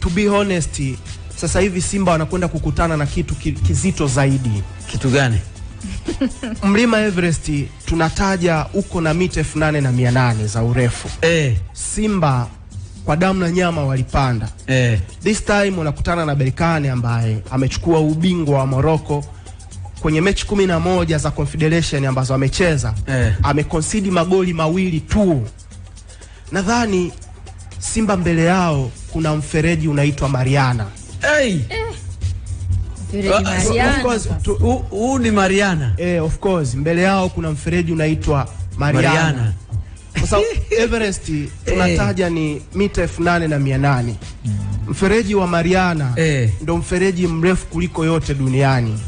to be honest, sasa hivi Simba wanakwenda kukutana na kitu kizito zaidi. Kitu gani? Mlima Everest tunataja uko na mita elfu nane na mia nane za urefu eh. Simba kwa damu na nyama walipanda eh. This time wanakutana na Berkane ambaye amechukua ubingwa wa Morocco kwenye mechi kumi na moja za Confederation ambazo amecheza eh. Amekonsidi magoli mawili tu. Nadhani Simba mbele yao kuna mfereji unaitwa Mariana. Hey. Eh. Uh, Huu ni Mariana. Eh, of course mbele yao kuna mfereji unaitwa Mariana, Mariana. Kwa sababu Everest eh. tunataja ni mita elfu nane na mia nane mfereji wa Mariana eh. ndo mfereji mrefu kuliko yote duniani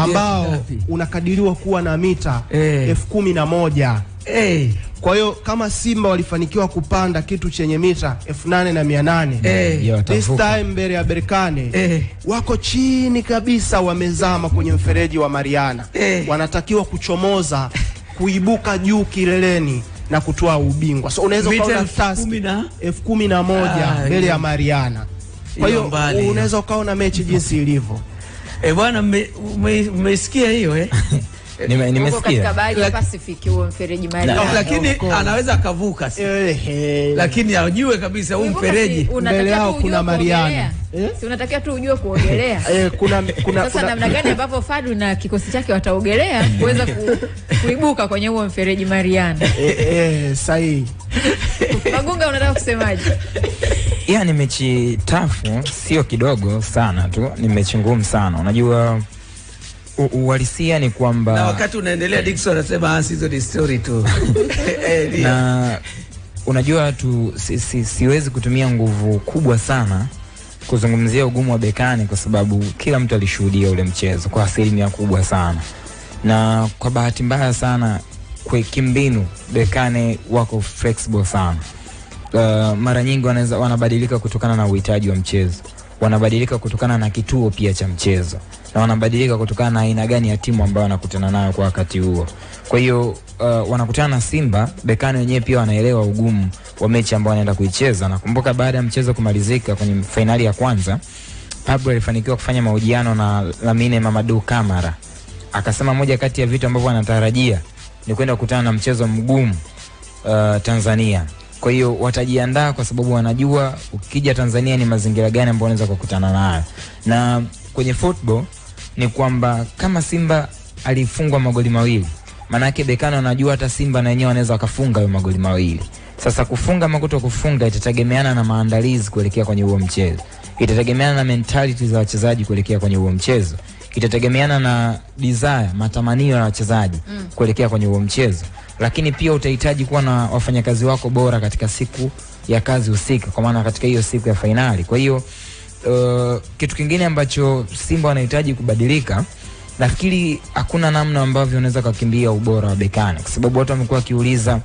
ambao unakadiriwa kuwa na mita eh. elfu kumi na moja hey. Kwa hiyo kama Simba walifanikiwa kupanda kitu chenye mita elfu na eh, this time mbele ya Berkane eh, wako chini kabisa, wamezama kwenye mfereji wa Mariana eh, wanatakiwa kuchomoza kuibuka juu kileleni na kutoa ubingwa. So unaweza kuona task elfu kumi na moja ah, mbele ya Mariana. Kwa hiyo unaweza ukaona mechi jinsi ilivyo. Eh bwana, umesikia hiyo eh? nimesikia lakini anaweza akavuka, lakini ajue kabisa huu mfereji mbele yao kuna Mariana. Eh? Si unatakiwa tu ujue kuogelea. Eh, kuna kuna sasa namna gani ambapo Fadu na kikosi chake wataogelea kuweza kuibuka kwenye huo mfereji Mariana. Eh, eh, sahihi. Magunga unataka kusemaje? Yaani mechi tafu eh, sio kidogo sana tu, ni mechi ngumu sana. Unajua uhalisia ni kwamba, na wakati unaendelea eh. Dickson anasema ah, hizo ni story tu eh, na unajua tu si, si, siwezi kutumia nguvu kubwa sana kuzungumzia ugumu wa Bekani kwa sababu kila mtu alishuhudia ule mchezo kwa asilimia kubwa sana, na kwa bahati mbaya sana kwa kimbinu Bekane wako flexible sana. Uh, mara nyingi wanaweza wanabadilika kutokana na uhitaji wa mchezo wanabadilika kutokana na kituo pia cha mchezo na wanabadilika kutokana na aina gani ya timu ambayo wanakutana nayo kwa wakati huo. Kwa hiyo uh, wanakutana na Simba, Bekani wenyewe pia wanaelewa ugumu wa mechi ambayo wanaenda kuicheza. Nakumbuka baada ya mchezo kumalizika kwenye fainali ya kwanza, Pablo alifanikiwa kufanya mahojiano na Lamine Mamadu Kamara, akasema moja kati ya vitu ambavyo anatarajia ni kwenda kukutana na mchezo mgumu uh, Tanzania kwa hiyo watajiandaa kwa sababu wanajua ukija Tanzania ni mazingira gani ambayo unaweza kukutana nayo. Na kwenye football ni kwamba kama Simba alifungwa magoli mawili, maanake Bekano anajua hata Simba na wenyewe wanaweza wakafunga hayo magoli mawili. Sasa kufunga ama kuto kufunga itategemeana na maandalizi kuelekea kwenye huo mchezo, itategemeana na mentality za wachezaji kuelekea kwenye huo mchezo itategemeana na desire, matamanio ya wachezaji mm. kuelekea kwenye huo mchezo, lakini pia utahitaji kuwa na wafanyakazi wako bora katika siku ya kazi husika, kwa maana katika hiyo siku ya fainali. Kwa hiyo uh, kitu kingine ambacho Simba wanahitaji kubadilika nafikiri hakuna namna ambavyo unaweza kukimbia ubora wa Bekane kwa sababu watu wamekuwa wakiuliza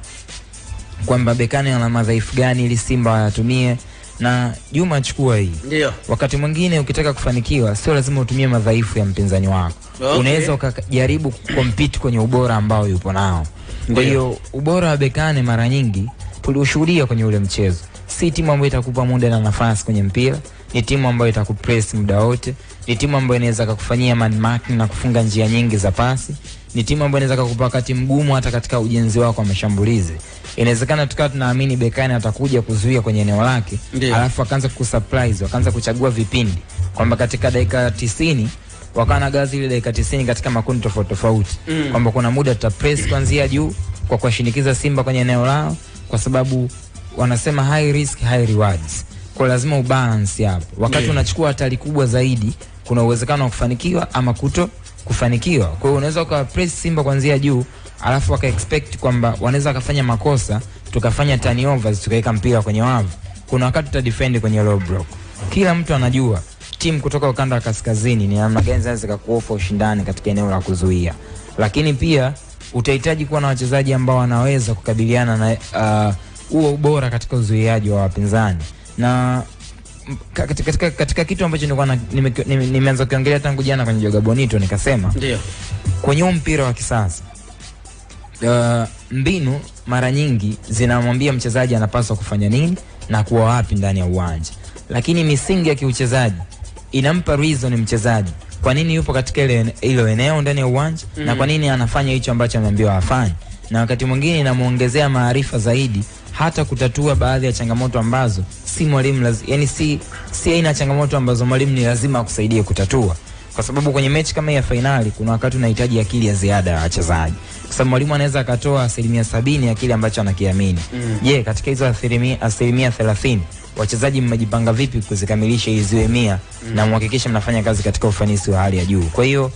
kwamba Bekane ana madhaifu gani ili Simba wayatumie na Juma, achukua hii. Ndio. Wakati mwingine ukitaka kufanikiwa sio lazima utumie madhaifu ya mpinzani wako. Okay. Unaweza ukajaribu kukompiti kwenye ubora ambao yupo nao. Kwa hiyo ubora wa Bekane mara nyingi tuliushuhudia kwenye ule mchezo. Si timu ambayo itakupa muda na nafasi kwenye mpira, ni timu ambayo itakupress muda wote, ni timu ambayo inaweza kukufanyia man marking na kufunga njia nyingi za pasi ni timu ambayo inaweza kukupa wakati mgumu hata katika ujenzi wako wa mashambulizi. Inawezekana tukawa tunaamini Bekani atakuja kuzuia kwenye eneo lake, alafu akaanza kusurprise, wakaanza kuchagua vipindi kwamba katika dakika tisini wakawa na gazi ile dakika tisini katika makundi tofauti tofauti mm. kwamba kuna muda press kuanzia juu kwa kuwashinikiza Simba kwenye eneo lao, kwa sababu wanasema high risk, high rewards. Kwa lazima ubalance hapo, wakati yeah. unachukua hatari kubwa zaidi, kuna uwezekano wa kufanikiwa ama kuto kufanikiwa. Kwa hiyo unaweza press Simba kuanzia juu, alafu waka expect kwamba wanaweza wakafanya makosa, tukafanya turnovers, tukaweka mpira kwenye wavu. Kuna wakati tuta defend kwenye low block. Kila mtu anajua timu kutoka ukanda wa kaskazini ni namna gani zinaweza zikakuofa ushindani katika eneo la kuzuia, lakini pia utahitaji kuwa na wachezaji ambao wanaweza kukabiliana na uh, huo uh, ubora katika uzuiaji wa wapinzani na katika, katika, katika kitu ambacho nilikuwa nimeanza nime, nime kiongelea tangu jana kwenye Joga Bonito nikasema ndio kwenye mpira wa kisasa uh, mbinu mara nyingi zinamwambia mchezaji anapaswa kufanya nini na kuwa wapi ndani ya uwanja, lakini misingi ya kiuchezaji inampa reason mchezaji kwa nini yupo katika hilo eneo ndani ya uwanja mm -hmm. na kwa nini anafanya hicho ambacho ameambiwa afanye, na wakati mwingine inamwongezea maarifa zaidi hata kutatua baadhi ya changamoto ambazo si mwalimu yani si, si aina ya changamoto ambazo mwalimu ni lazima akusaidie kutatua, kwa sababu kwenye mechi kama ya fainali kuna wakati unahitaji akili ya ziada ya wachezaji, kwa sababu mwalimu anaweza akatoa asilimia sabini ya kile ambacho anakiamini. Mm. Je, mm. katika hizo asilimia thelathini wachezaji mmejipanga vipi kuzikamilisha ili mia mm. na mhakikishe mnafanya kazi katika ufanisi wa hali ya juu. Kwa hiyo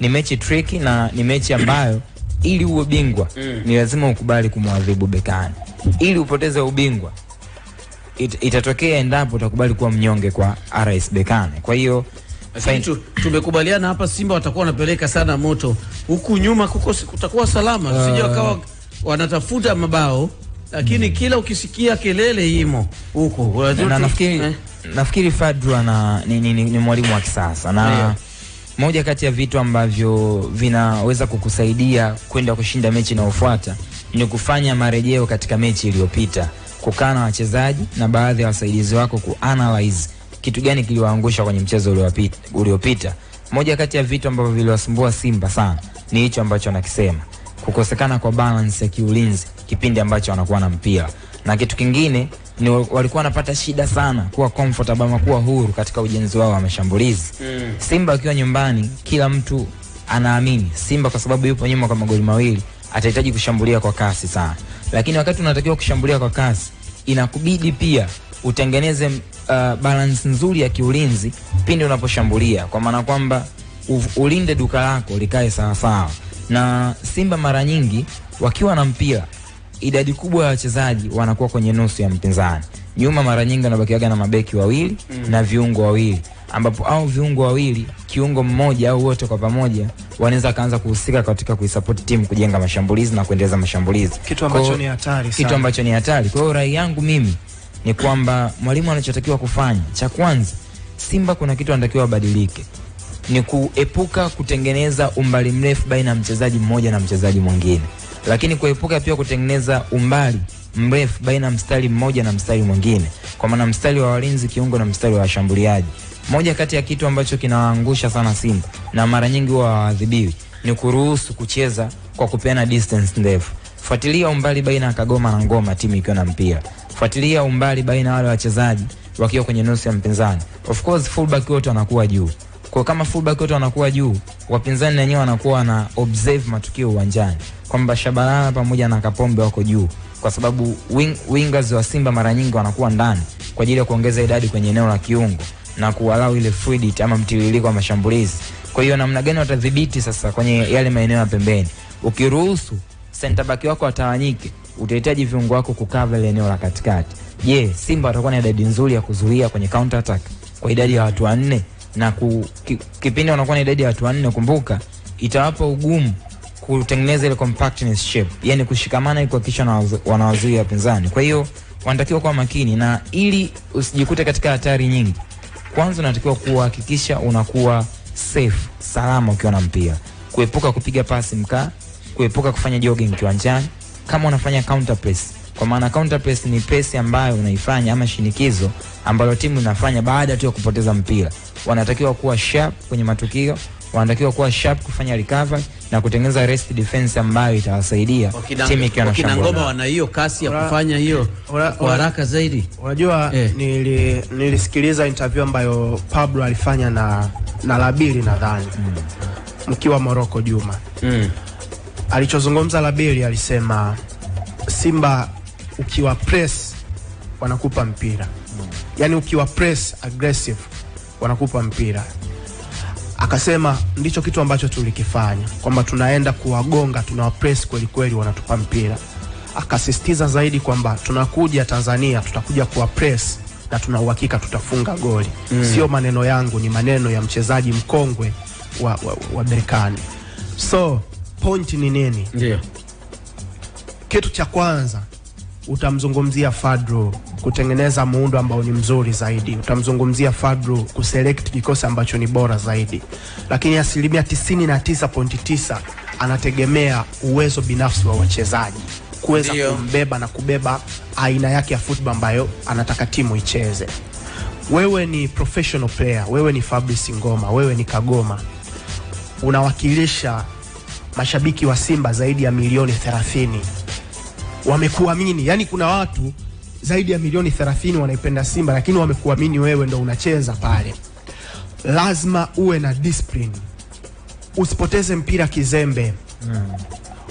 ni mechi tricky na ni mechi ambayo ili uwe bingwa mm. ni lazima ukubali kumwadhibu bekani ili upoteze ubingwa it, itatokea endapo utakubali kuwa mnyonge kwa RS Berkane. Kwa hiyo tumekubaliana hapa, Simba watakuwa wanapeleka sana moto huku nyuma, kuko kutakuwa salama, uh, uh, wakawa wanatafuta mabao lakini mm. kila ukisikia kelele imo huko. Na nafikiri eh, nafikiri Fadru ana ni, ni, ni, ni mwalimu wa kisasa na yeah moja kati ya vitu ambavyo vinaweza kukusaidia kwenda kushinda mechi inayofuata ni kufanya marejeo katika mechi iliyopita, kukaa na wachezaji na baadhi ya wasaidizi wako ku kitu gani kiliwaangusha kwenye mchezo uliopita. Moja kati ya vitu ambavyo viliwasumbua Simba sana ni hicho ambacho anakisema, kukosekana kwa balance ya kiulinzi kipindi ambacho anakuwa na mpira, na kitu kingine ni walikuwa wanapata shida sana kuwa comfortable ama kuwa huru katika ujenzi wao wa mashambulizi. Mm. Simba akiwa nyumbani, kila mtu anaamini Simba kwa sababu yupo nyuma kwa magoli mawili, atahitaji kushambulia kwa kasi sana. Lakini wakati unatakiwa kushambulia kwa kasi, inakubidi pia utengeneze uh, balance nzuri ya kiulinzi pindi unaposhambulia, kwa maana kwamba ulinde duka lako likae sawasawa. Na Simba mara nyingi wakiwa na mpira idadi kubwa ya wachezaji wanakuwa kwenye nusu ya mpinzani. Nyuma mara nyingi anabakiaga na mabeki wawili mm. na viungo wawili ambapo au viungo wawili, kiungo mmoja au wote kwa pamoja wanaweza kaanza kuhusika katika kuisupport timu kujenga mashambulizi na kuendeleza mashambulizi, kitu ambacho ni hatari sana, kitu ambacho ni hatari. Kwa hiyo rai yangu mimi ni kwamba mwalimu anachotakiwa kufanya cha kwanza, Simba kuna kitu anatakiwa abadilike, ni kuepuka kutengeneza umbali mrefu baina ya mchezaji mmoja na mchezaji mwingine lakini kuepuka pia kutengeneza umbali mrefu baina mstari mmoja na mstari mwingine, kwa maana mstari wa walinzi kiungo na mstari wa washambuliaji. Moja kati ya kitu ambacho kinawaangusha sana Simba na mara nyingi huwa hawadhibiwi ni kuruhusu kucheza kwa kupeana distance ndefu. Fuatilia umbali baina ya Kagoma na Ngoma timu ikiwa na mpira, fuatilia umbali baina wale wachezaji wakiwa kwenye nusu ya mpinzani. Of course fullback wote wanakuwa juu kwa kama fullback wote wanakuwa juu, wapinzani wenyewe wanakuwa wana observe matukio uwanjani kwamba Shabalala pamoja na Kapombe wako juu, kwa sababu wing, wingers wa Simba mara nyingi wanakuwa ndani kwa ajili ya kuongeza idadi kwenye eneo la kiungo na kuwalau ile fluidity ama mtiririko wa mashambulizi. Kwa hiyo namna gani watadhibiti sasa kwenye yale maeneo ya pembeni? Ukiruhusu center back wako watawanyike, utahitaji viungo wako kukava ile eneo la katikati. Je, yeah, Simba watakuwa na idadi nzuri ya kuzuia kwenye counter attack kwa idadi ya watu wanne? na ku, ki, kipindi wanakuwa na idadi ya watu wanne, kumbuka itawapa ugumu kutengeneza ile compactness shape, yani kushikamana ili kuhakikisha wanawazuia wapinzani. Kwa hiyo wanatakiwa kuwa makini, na ili usijikute katika hatari nyingi, kwanza unatakiwa kuhakikisha unakuwa safe, salama ukiwa na mpira, kuepuka kupiga pasi mkaa, kuepuka kufanya jogging kiwanjani. Kama unafanya counter press kwa maana counter press ni pesi ambayo unaifanya ama shinikizo ambalo timu inafanya baada tu ya kupoteza mpira. Wanatakiwa kuwa sharp kwenye matukio, wanatakiwa kuwa sharp kufanya recover na kutengeneza rest defense ambayo itawasaidia timu ikiwa na shambulio. Ngoma wana hiyo kasi ya kufanya hiyo kwa haraka zaidi. Unajua eh, nili, nilisikiliza interview ambayo Pablo alifanya na na Labili nadhani. Mm. Mkiwa Morocco Juma. Mm. Alichozungumza Labili alisema Simba ukiwa press wanakupa mpira mm. Yani ukiwa press aggressive wanakupa mpira. Akasema ndicho kitu ambacho tulikifanya kwamba tunaenda kuwagonga, tunawapress kweli kweli, wanatupa mpira. Akasisitiza zaidi kwamba tunakuja Tanzania, tutakuja press na tunauhakika tutafunga goli mm. Sio maneno yangu, ni maneno ya mchezaji mkongwe wa, wa, wa Berkane. So point ni nini? Ndio kitu cha kwanza utamzungumzia fadru kutengeneza muundo ambao ni mzuri zaidi, utamzungumzia Fadlu kuselect kikosi ambacho ni bora zaidi, lakini asilimia 99.9 anategemea uwezo binafsi wa wachezaji kuweza kumbeba na kubeba aina yake ya football ambayo anataka timu icheze. Wewe ni professional player, wewe ni Fabrice Ngoma, wewe ni Kagoma, unawakilisha mashabiki wa Simba zaidi ya milioni 30 wamekuamini. Yani kuna watu zaidi ya milioni 30 wanaipenda Simba, lakini wamekuamini wewe ndo unacheza pale. Lazima uwe na discipline, usipoteze mpira kizembe mm.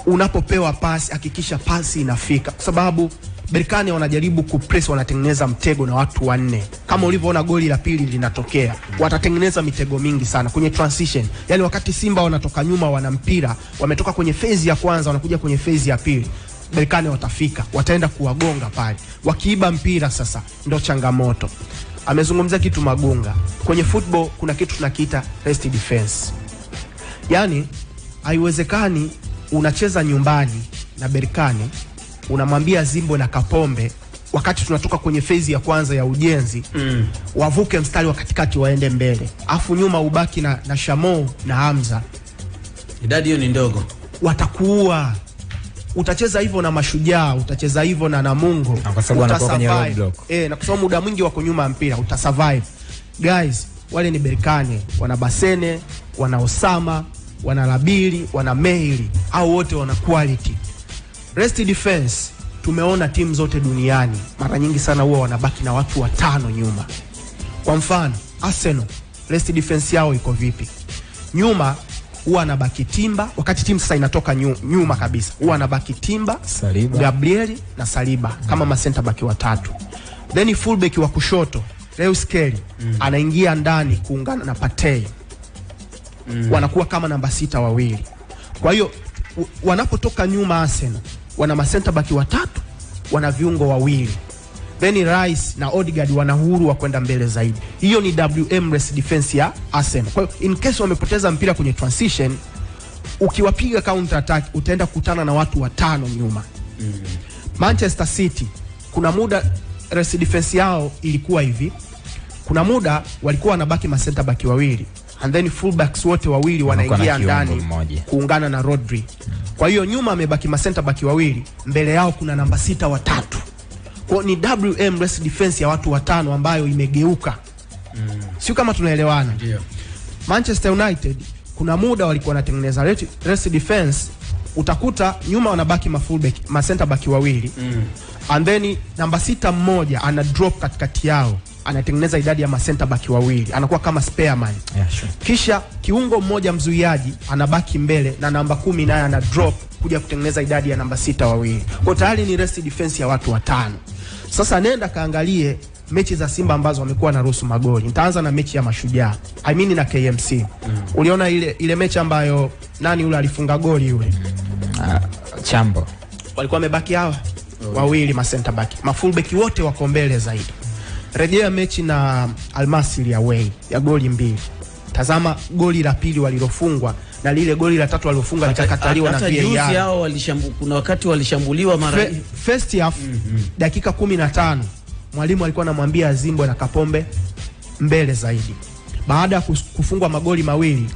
Unapopewa pasi hakikisha pasi inafika, kwa sababu Berkane wanajaribu kupress, wanatengeneza mtego na watu wanne, kama ulivyoona goli la pili linatokea. Watatengeneza mitego mingi sana kwenye transition, yani wakati Simba wanatoka nyuma, wana mpira, wametoka kwenye phase ya kwanza, wanakuja kwenye phase ya pili, Berkane watafika, wataenda kuwagonga pale. Wakiiba mpira sasa ndo changamoto. Amezungumzia kitu Magunga, kwenye football kuna kitu tunakiita rest defense. Yaani haiwezekani unacheza nyumbani na Berkane unamwambia Zimbo na Kapombe wakati tunatoka kwenye fezi ya kwanza ya ujenzi mm. wavuke mstari wa katikati waende mbele, afu nyuma ubaki na, na Shamo na Hamza. Idadi hiyo ni ndogo, watakuua utacheza hivyo na Mashujaa, utacheza hivyo na Namungo, ah, eh, na kwa sababu muda mwingi wako nyuma ya mpira, utasurvive guys. Wale ni Berkane, wana Basene, wana Osama, wana Rabiri, wana Meili, au wote wana quality. Rest defense tumeona timu zote duniani mara nyingi sana huwa wanabaki na watu watano nyuma. Kwa mfano Arsenal, rest defense yao iko vipi? Nyuma huwa anabaki Timba wakati timu sasa inatoka nyuma kabisa, huwa anabaki Timba, Saliba, Gabrieli na Saliba kama masenta baki watatu, then fullback wa kushoto Lewis Kelly mm. anaingia ndani kuungana na patei mm. wanakuwa kama namba sita wawili. Kwa hiyo wanapotoka nyuma Arsenal wana masenta baki watatu, wana viungo wawili then Rice na Odegaard wana uhuru wa kwenda mbele zaidi. Hiyo ni WM defense ya Arsenal. Kwa hiyo in case wamepoteza mpira kwenye transition, ukiwapiga counter attack utaenda kukutana na watu watano nyuma. Mm. Manchester City kuna muda race defense yao ilikuwa hivi, kuna muda walikuwa wanabaki ma center back wawili and then wote wawili wanaingia ndani kuungana na Rodri. Mm. Kwa hiyo nyuma amebaki ma center back wawili, mbele yao kuna namba sita watatu kwa ni WM rest Defense ya watu watano ambayo imegeuka. Mm. Sio kama tunaelewana. yeah. Manchester United kuna muda walikuwa wanatengeneza rest Defense utakuta nyuma wanabaki ma fullback, ma center back wawili. Mm. And then namba sita mmoja ana drop katikati yao anatengeneza idadi ya center back wawili, anakuwa kama spare man. Yeah, sure. Kisha kiungo mmoja mzuiaji anabaki mbele na namba kumi naye ana drop kuja kutengeneza idadi ya namba sita wawili. Kwa tayari ni rest defense ya watu watano. Sasa nenda kaangalie mechi za Simba ambazo wamekuwa na ruhusu magoli. Nitaanza na mechi ya Mashujaa. I mean na KMC. Mm. Uliona ile ile mechi ambayo nani yule alifunga goli yule? Ah, Chambo. Walikuwa wamebaki hawa oh, wawili ma center back. Ma full back wote wako mbele zaidi. Rejea mechi na Almasi ya away ya goli mbili. Tazama goli la pili walilofungwa na lile goli la tatu waliofunga likakataliwa na VAR. Hao walishambu kuna wakati walishambuliwa mara Fe, first half mm -hmm. dakika 15 mwalimu alikuwa anamwambia Zimbo na Kapombe mbele zaidi baada ya kufungwa magoli mawili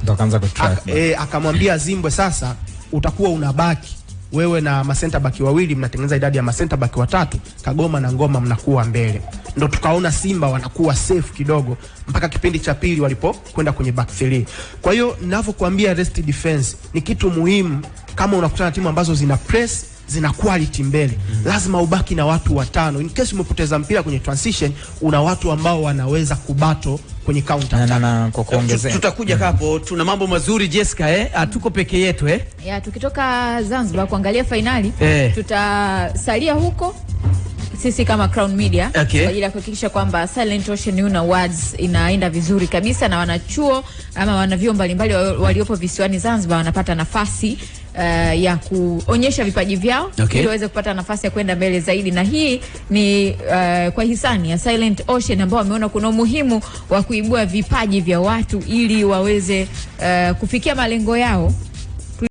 eh, akamwambia e, Zimbwe, sasa utakuwa unabaki wewe na masenta baki wawili, mnatengeneza idadi ya masenta baki watatu, Kagoma na Ngoma mnakuwa mbele ndo tukaona Simba wanakuwa safe kidogo mpaka kipindi cha pili walipokwenda kwenye back three. Kwa hiyo ninavyokuambia rest defense ni kitu muhimu, kama unakutana timu ambazo zina press zina quality mbele mm Lazima ubaki na watu watano in case umepoteza mpira kwenye transition, una watu ambao wanaweza kubato kwenye counter attack. Na, na, kwa kuongezea tutakuja mm Hapo tuna mambo mazuri Jessica, eh hatuko ah, peke yetu eh ya, tukitoka Zanzibar kuangalia finali eh, tutasalia huko sisi kama Crown Media okay, kwa ajili ya kuhakikisha kwamba Silent Ocean Uni Awards inaenda vizuri kabisa na wanachuo ama wanavyuo mbalimbali waliopo visiwani Zanzibar wanapata nafasi Uh, ya kuonyesha vipaji vyao okay, ili waweze kupata nafasi ya kwenda mbele zaidi, na hii ni uh, kwa hisani ya Silent Ocean ambao wameona kuna umuhimu wa kuibua vipaji vya watu ili waweze uh, kufikia malengo yao